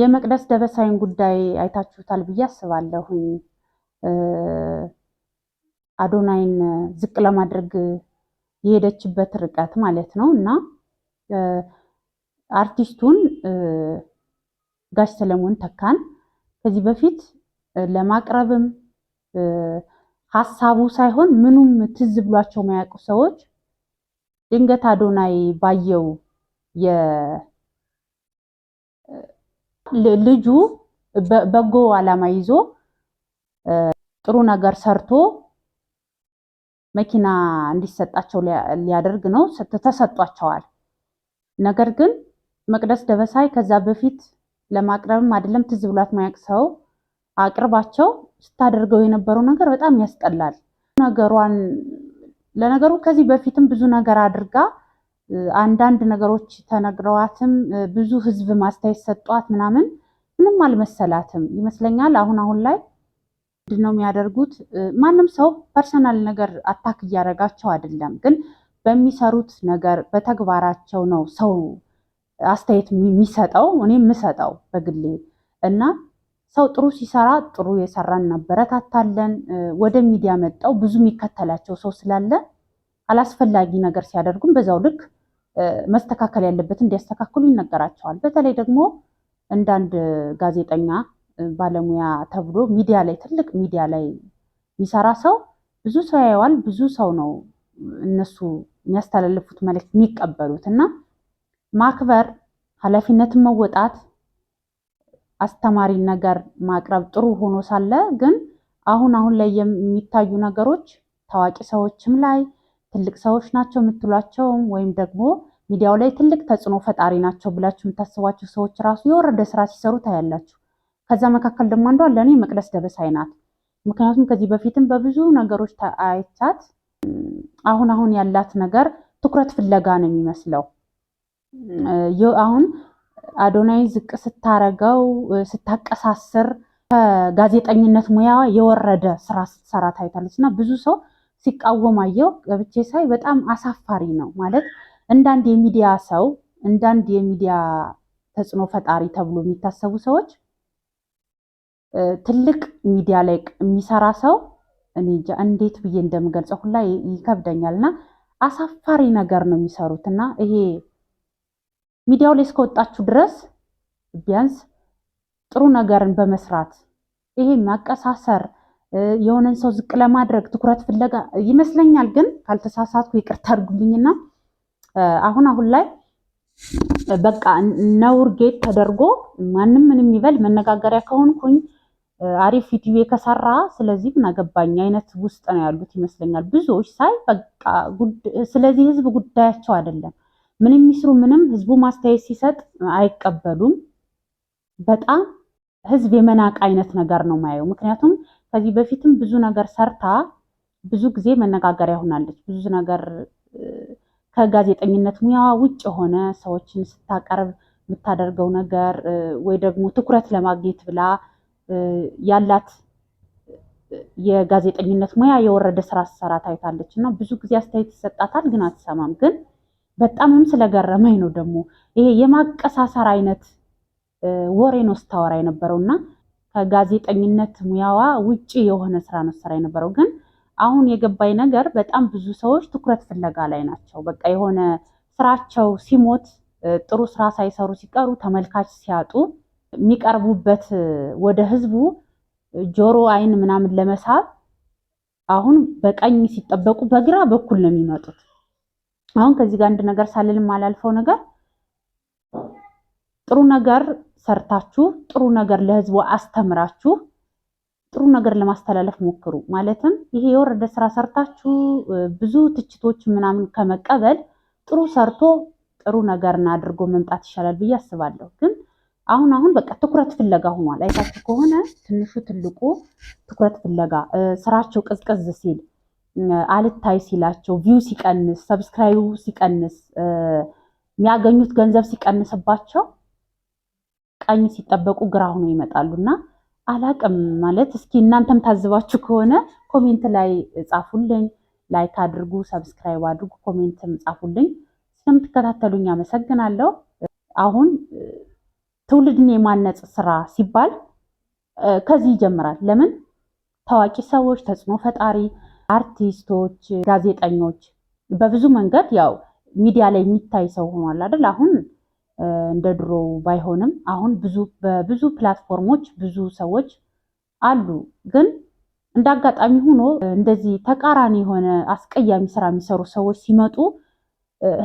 የመቅደስ ደበሳይን ጉዳይ አይታችሁታል ብዬ አስባለሁኝ። አዶናይን ዝቅ ለማድረግ የሄደችበት ርቀት ማለት ነው እና አርቲስቱን ጋሽ ሰለሞን ተካን ከዚህ በፊት ለማቅረብም ሀሳቡ ሳይሆን ምኑም ትዝ ብሏቸው የማያውቁ ሰዎች ድንገት አዶናይ ባየው ልጁ በጎ ዓላማ ይዞ ጥሩ ነገር ሰርቶ መኪና እንዲሰጣቸው ሊያደርግ ነው። ተሰጧቸዋል። ነገር ግን መቅደስ ደበሳይ ከዛ በፊት ለማቅረብም አይደለም ትዝ ብሏት ማያቅ ሰው አቅርባቸው ስታደርገው የነበረው ነገር በጣም ያስጠላል ነገሯን። ለነገሩ ከዚህ በፊትም ብዙ ነገር አድርጋ አንዳንድ ነገሮች ተነግረዋትም ብዙ ህዝብ ማስተያየት ሰጧት ምናምን ምንም አልመሰላትም ይመስለኛል። አሁን አሁን ላይ ምንድን ነው የሚያደርጉት? ማንም ሰው ፐርሰናል ነገር አታክ እያደረጋቸው አይደለም፣ ግን በሚሰሩት ነገር በተግባራቸው ነው ሰው አስተያየት የሚሰጠው። እኔ የምሰጠው በግሌ እና ሰው ጥሩ ሲሰራ ጥሩ የሰራን እናበረታታለን። ወደ ሚዲያ መጣው ብዙ የሚከተላቸው ሰው ስላለ አላስፈላጊ ነገር ሲያደርጉም በዛው ልክ መስተካከል ያለበት እንዲያስተካክሉ ይነገራቸዋል። በተለይ ደግሞ እንዳንድ ጋዜጠኛ ባለሙያ ተብሎ ሚዲያ ላይ ትልቅ ሚዲያ ላይ የሚሰራ ሰው ብዙ ሰው ያየዋል። ብዙ ሰው ነው እነሱ የሚያስተላልፉት መልዕክት የሚቀበሉት እና ማክበር፣ ኃላፊነትን መወጣት፣ አስተማሪ ነገር ማቅረብ ጥሩ ሆኖ ሳለ ግን አሁን አሁን ላይ የሚታዩ ነገሮች ታዋቂ ሰዎችም ላይ ትልቅ ሰዎች ናቸው የምትሏቸውም ወይም ደግሞ ሚዲያው ላይ ትልቅ ተጽዕኖ ፈጣሪ ናቸው ብላችሁ የምታስቧቸው ሰዎች ራሱ የወረደ ስራ ሲሰሩ ታያላችሁ። ከዛ መካከል ደግሞ አንዷ ለእኔ መቅደስ ደበሳይ ናት። ምክንያቱም ከዚህ በፊትም በብዙ ነገሮች አይቻት አሁን አሁን ያላት ነገር ትኩረት ፍለጋ ነው የሚመስለው። አሁን አዶናይ ዝቅ ስታረገው ስታቀሳስር ከጋዜጠኝነት ሙያ የወረደ ስራ ስትሰራ ታይታለች እና ብዙ ሰው ሲቃወማየው ገብቼ ሳይ በጣም አሳፋሪ ነው ማለት እንዳንድ የሚዲያ ሰው እንዳንድ የሚዲያ ተጽዕኖ ፈጣሪ ተብሎ የሚታሰቡ ሰዎች ትልቅ ሚዲያ ላይ የሚሰራ ሰው እኔ እንጃ እንዴት ብዬ እንደምገልጸው ሁላ ይከብደኛል። እና አሳፋሪ ነገር ነው የሚሰሩት። እና ይሄ ሚዲያው ላይ እስከወጣችሁ ድረስ ቢያንስ ጥሩ ነገርን በመስራት ይሄ ማቀሳሰር የሆነን ሰው ዝቅ ለማድረግ ትኩረት ፍለጋ ይመስለኛል። ግን ካልተሳሳትኩ ይቅርታ አድርጉልኝና አሁን አሁን ላይ በቃ ነውር ጌት ተደርጎ ማንም ምንም ይበል መነጋገሪያ ከሆንኩኝ አሪፍ ቪዲዮ ከሰራ ስለዚህ ምን አገባኝ አይነት ውስጥ ነው ያሉት ይመስለኛል ብዙዎች ሳይ በቃ ስለዚህ ህዝብ ጉዳያቸው አይደለም። ምንም ይስሩ ምንም ህዝቡ ማስተያየት ሲሰጥ አይቀበሉም። በጣም ህዝብ የመናቅ አይነት ነገር ነው ማየው ምክንያቱም ከዚህ በፊትም ብዙ ነገር ሰርታ ብዙ ጊዜ መነጋገሪያ ሆናለች። ብዙ ነገር ከጋዜጠኝነት ሙያ ውጭ የሆነ ሰዎችን ስታቀርብ የምታደርገው ነገር ወይ ደግሞ ትኩረት ለማግኘት ብላ ያላት የጋዜጠኝነት ሙያ የወረደ ስራ ሰራ ታይታለች እና ብዙ ጊዜ አስተያየት ይሰጣታል፣ ግን አትሰማም። ግን በጣምም ስለገረመኝ ነው ደግሞ ይሄ የማቀሳሰር አይነት ወሬ ነው ስታወራ የነበረው እና ከጋዜጠኝነት ሙያዋ ውጪ የሆነ ስራ ነው ስራ የነበረው። ግን አሁን የገባኝ ነገር በጣም ብዙ ሰዎች ትኩረት ፍለጋ ላይ ናቸው። በቃ የሆነ ስራቸው ሲሞት ጥሩ ስራ ሳይሰሩ ሲቀሩ ተመልካች ሲያጡ የሚቀርቡበት ወደ ህዝቡ ጆሮ አይን ምናምን ለመሳብ አሁን በቀኝ ሲጠበቁ በግራ በኩል ነው የሚመጡት። አሁን ከዚህ ጋር አንድ ነገር ሳልልም አላልፈው ነገር ጥሩ ነገር ሰርታችሁ ጥሩ ነገር ለህዝቡ አስተምራችሁ ጥሩ ነገር ለማስተላለፍ ሞክሩ። ማለትም ይሄ የወረደ ስራ ሰርታችሁ ብዙ ትችቶች ምናምን ከመቀበል ጥሩ ሰርቶ ጥሩ ነገርን አድርጎ መምጣት ይሻላል ብዬ አስባለሁ። ግን አሁን አሁን በቃ ትኩረት ፍለጋ ሆኗል። አይታችሁ ከሆነ ትንሹ ትልቁ ትኩረት ፍለጋ ስራቸው ቅዝቅዝ ሲል አልታይ ሲላቸው፣ ቪው ሲቀንስ፣ ሰብስክራይቡ ሲቀንስ፣ የሚያገኙት ገንዘብ ሲቀንስባቸው ቀኝ ሲጠበቁ ግራ ሆኖ ይመጣሉ እና አላቅም ማለት እስኪ እናንተም ታዝባችሁ ከሆነ ኮሜንት ላይ ጻፉልኝ። ላይክ አድርጉ፣ ሰብስክራይብ አድርጉ፣ ኮሜንትም ጻፉልኝ። ስለምትከታተሉኝ አመሰግናለሁ። አሁን ትውልድን የማነጽ ስራ ሲባል ከዚህ ይጀምራል። ለምን ታዋቂ ሰዎች፣ ተጽዕኖ ፈጣሪ አርቲስቶች፣ ጋዜጠኞች በብዙ መንገድ ያው ሚዲያ ላይ የሚታይ ሰው ሆኗል አይደል አሁን እንደ ድሮ ባይሆንም አሁን ብዙ በብዙ ፕላትፎርሞች ብዙ ሰዎች አሉ። ግን እንደ አጋጣሚ ሆኖ እንደዚህ ተቃራኒ የሆነ አስቀያሚ ስራ የሚሰሩ ሰዎች ሲመጡ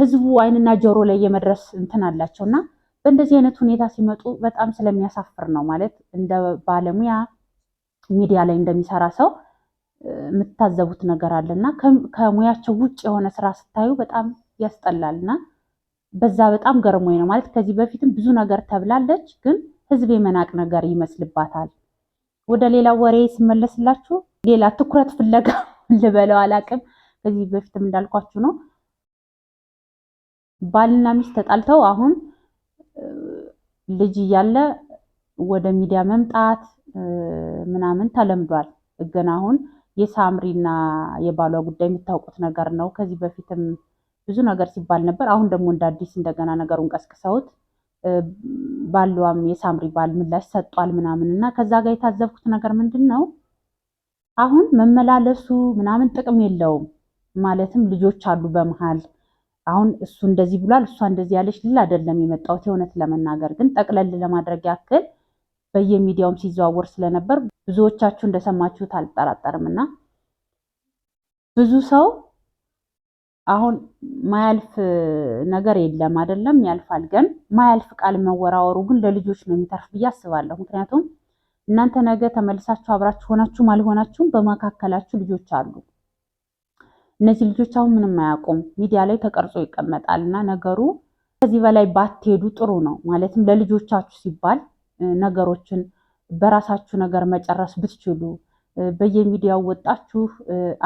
ህዝቡ አይንና ጆሮ ላይ የመድረስ እንትን አላቸው እና በእንደዚህ አይነት ሁኔታ ሲመጡ በጣም ስለሚያሳፍር ነው ማለት እንደ ባለሙያ ሚዲያ ላይ እንደሚሰራ ሰው የምታዘቡት ነገር አለ እና ከሙያቸው ውጭ የሆነ ስራ ስታዩ በጣም ያስጠላል እና በዛ በጣም ገርሞኝ ነው ማለት ከዚህ በፊትም ብዙ ነገር ተብላለች፣ ግን ህዝብ የመናቅ ነገር ይመስልባታል። ወደ ሌላ ወሬ ስመለስላችሁ ሌላ ትኩረት ፍለጋ ልበለው አላቅም። ከዚህ በፊትም እንዳልኳችሁ ነው ባልና ሚስት ተጣልተው አሁን ልጅ እያለ ወደ ሚዲያ መምጣት ምናምን ተለምዷል። ግን አሁን የሳምሪና የባሏ ጉዳይ የምታውቁት ነገር ነው። ከዚህ በፊትም ብዙ ነገር ሲባል ነበር። አሁን ደግሞ እንደ አዲስ እንደገና ነገሩን ቀስቅሰውት ባሏም የሳምሪ ባል ምላሽ ሰጧል ምናምን እና ከዛ ጋር የታዘብኩት ነገር ምንድን ነው አሁን መመላለሱ ምናምን ጥቅም የለውም። ማለትም ልጆች አሉ በመሀል አሁን እሱ እንደዚህ ብሏል እሷ እንደዚህ ያለች ልል አይደለም የመጣሁት የእውነት ለመናገር ግን ጠቅለል ለማድረግ ያክል በየሚዲያውም ሲዘዋወር ስለነበር ብዙዎቻችሁ እንደሰማችሁት አልጠራጠርም እና ብዙ ሰው አሁን ማያልፍ ነገር የለም አይደለም፣ ያልፋል። ግን ማያልፍ ቃል መወራወሩ ግን ለልጆች ነው የሚተርፍ ብዬ አስባለሁ። ምክንያቱም እናንተ ነገ ተመልሳችሁ አብራችሁ ሆናችሁም አልሆናችሁም በመካከላችሁ ልጆች አሉ። እነዚህ ልጆች አሁን ምንም አያውቁም፣ ሚዲያ ላይ ተቀርጾ ይቀመጣል እና ነገሩ ከዚህ በላይ ባትሄዱ ጥሩ ነው። ማለትም ለልጆቻችሁ ሲባል ነገሮችን በራሳችሁ ነገር መጨረስ ብትችሉ በየሚዲያው ወጣችሁ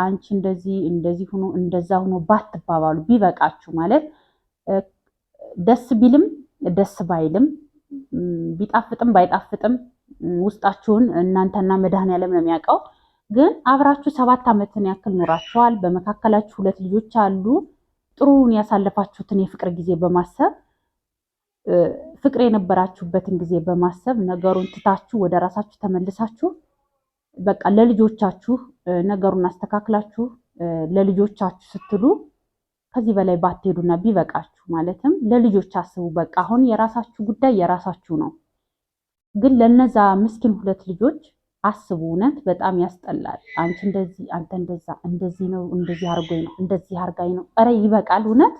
አንቺ እንደዚህ እንደዚህ ሁኖ እንደዛ ሁኖ ባትባባሉ ቢበቃችሁ ማለት ደስ ቢልም ደስ ባይልም ቢጣፍጥም ባይጣፍጥም ውስጣችሁን እናንተና መድኃኔዓለም ነው የሚያውቀው። ግን አብራችሁ ሰባት ዓመትን ያክል ኖራችኋል። በመካከላችሁ ሁለት ልጆች አሉ። ጥሩን ያሳለፋችሁትን የፍቅር ጊዜ በማሰብ ፍቅር የነበራችሁበትን ጊዜ በማሰብ ነገሩን ትታችሁ ወደ ራሳችሁ ተመልሳችሁ በቃ ለልጆቻችሁ ነገሩን አስተካክላችሁ ለልጆቻችሁ ስትሉ ከዚህ በላይ ባትሄዱና ቢበቃችሁ ማለትም ለልጆች አስቡ። በቃ አሁን የራሳችሁ ጉዳይ የራሳችሁ ነው፣ ግን ለነዛ ምስኪን ሁለት ልጆች አስቡ። እውነት በጣም ያስጠላል። አንቺ እንደዚህ አንተ እንደዛ፣ እንደዚህ ነው፣ እንደዚህ አርጎኝ ነው፣ እንደዚህ አርጋኝ ነው። ኧረ ይበቃል። እውነት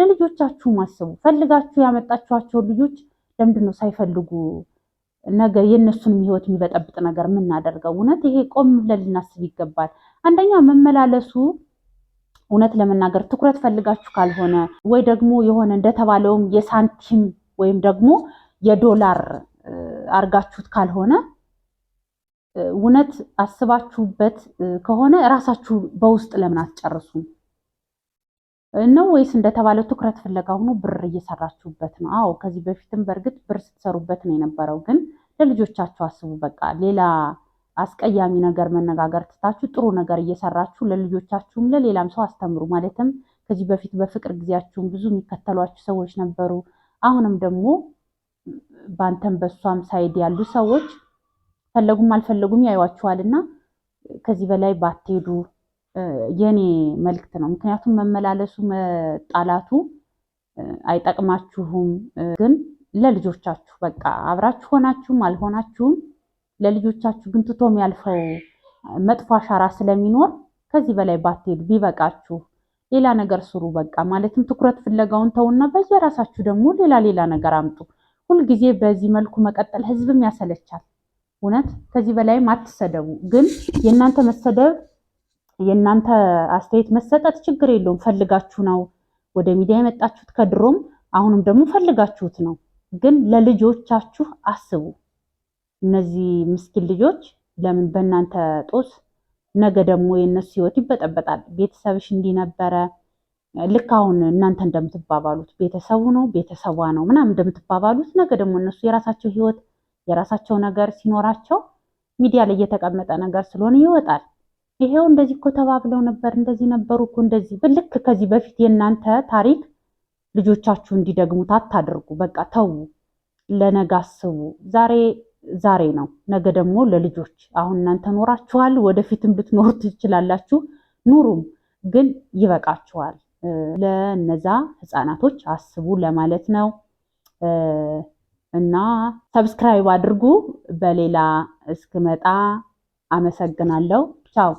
ለልጆቻችሁም አስቡ። ፈልጋችሁ ያመጣችኋቸውን ልጆች ለምንድን ነው ሳይፈልጉ ነገ የእነሱንም ህይወት የሚበጠብጥ ነገር የምናደርገው? እውነት ይሄ ቆም ብለን ልናስብ ይገባል። አንደኛ መመላለሱ እውነት ለመናገር ትኩረት ፈልጋችሁ ካልሆነ ወይ ደግሞ የሆነ እንደተባለውም የሳንቲም ወይም ደግሞ የዶላር አርጋችሁት ካልሆነ እውነት አስባችሁበት ከሆነ እራሳችሁ በውስጥ ለምን አትጨርሱም? ነው ወይስ እንደተባለው ትኩረት ፍለጋ ሆኖ ብር እየሰራችሁበት ነው? አዎ ከዚህ በፊትም በእርግጥ ብር ስትሰሩበት ነው የነበረው፣ ግን ለልጆቻችሁ አስቡ። በቃ ሌላ አስቀያሚ ነገር መነጋገር ትታችሁ ጥሩ ነገር እየሰራችሁ ለልጆቻችሁም ለሌላም ሰው አስተምሩ። ማለትም ከዚህ በፊት በፍቅር ጊዜያችሁም ብዙ የሚከተሏችሁ ሰዎች ነበሩ። አሁንም ደግሞ በአንተም በሷም ሳይድ ያሉ ሰዎች ፈለጉም አልፈለጉም ያዩዋችኋልና ከዚህ በላይ ባትሄዱ የኔ መልክት ነው። ምክንያቱም መመላለሱ መጣላቱ አይጠቅማችሁም። ግን ለልጆቻችሁ በቃ አብራችሁ ሆናችሁም አልሆናችሁም ለልጆቻችሁ ግን ትቶም ያልፈው መጥፎ አሻራ ስለሚኖር ከዚህ በላይ ባትሄዱ ቢበቃችሁ፣ ሌላ ነገር ስሩ። በቃ ማለትም ትኩረት ፍለጋውን ተውና በየራሳችሁ ደግሞ ሌላ ሌላ ነገር አምጡ። ሁልጊዜ በዚህ መልኩ መቀጠል ህዝብም ያሰለቻል። እውነት ከዚህ በላይም አትሰደቡ። ግን የእናንተ መሰደብ የእናንተ አስተያየት መሰጠት ችግር የለውም። ፈልጋችሁ ነው ወደ ሚዲያ የመጣችሁት ከድሮም አሁንም ደግሞ ፈልጋችሁት ነው። ግን ለልጆቻችሁ አስቡ። እነዚህ ምስኪን ልጆች ለምን በእናንተ ጦስ ነገ ደግሞ የእነሱ ህይወት ይበጠበጣል። ቤተሰብሽ እንዲህ ነበረ፣ ልክ አሁን እናንተ እንደምትባባሉት ቤተሰቡ ነው ቤተሰቧ ነው ምናምን እንደምትባባሉት ነገ ደግሞ እነሱ የራሳቸው ህይወት የራሳቸው ነገር ሲኖራቸው ሚዲያ ላይ እየተቀመጠ ነገር ስለሆነ ይወጣል። ይሄው እንደዚህ እኮ ተባብለው ነበር፣ እንደዚህ ነበሩ እኮ እንደዚህ ብልክ። ከዚህ በፊት የእናንተ ታሪክ ልጆቻችሁ እንዲደግሙት አታድርጉ። በቃ ተዉ፣ ለነገ አስቡ። ዛሬ ዛሬ ነው፣ ነገ ደግሞ ለልጆች። አሁን እናንተ ኖራችኋል፣ ወደፊትም ልትኖሩ ትችላላችሁ። ኑሩም፣ ግን ይበቃችኋል። ለነዛ ህፃናቶች አስቡ ለማለት ነው። እና ሰብስክራይብ አድርጉ። በሌላ እስክመጣ አመሰግናለሁ። ቻው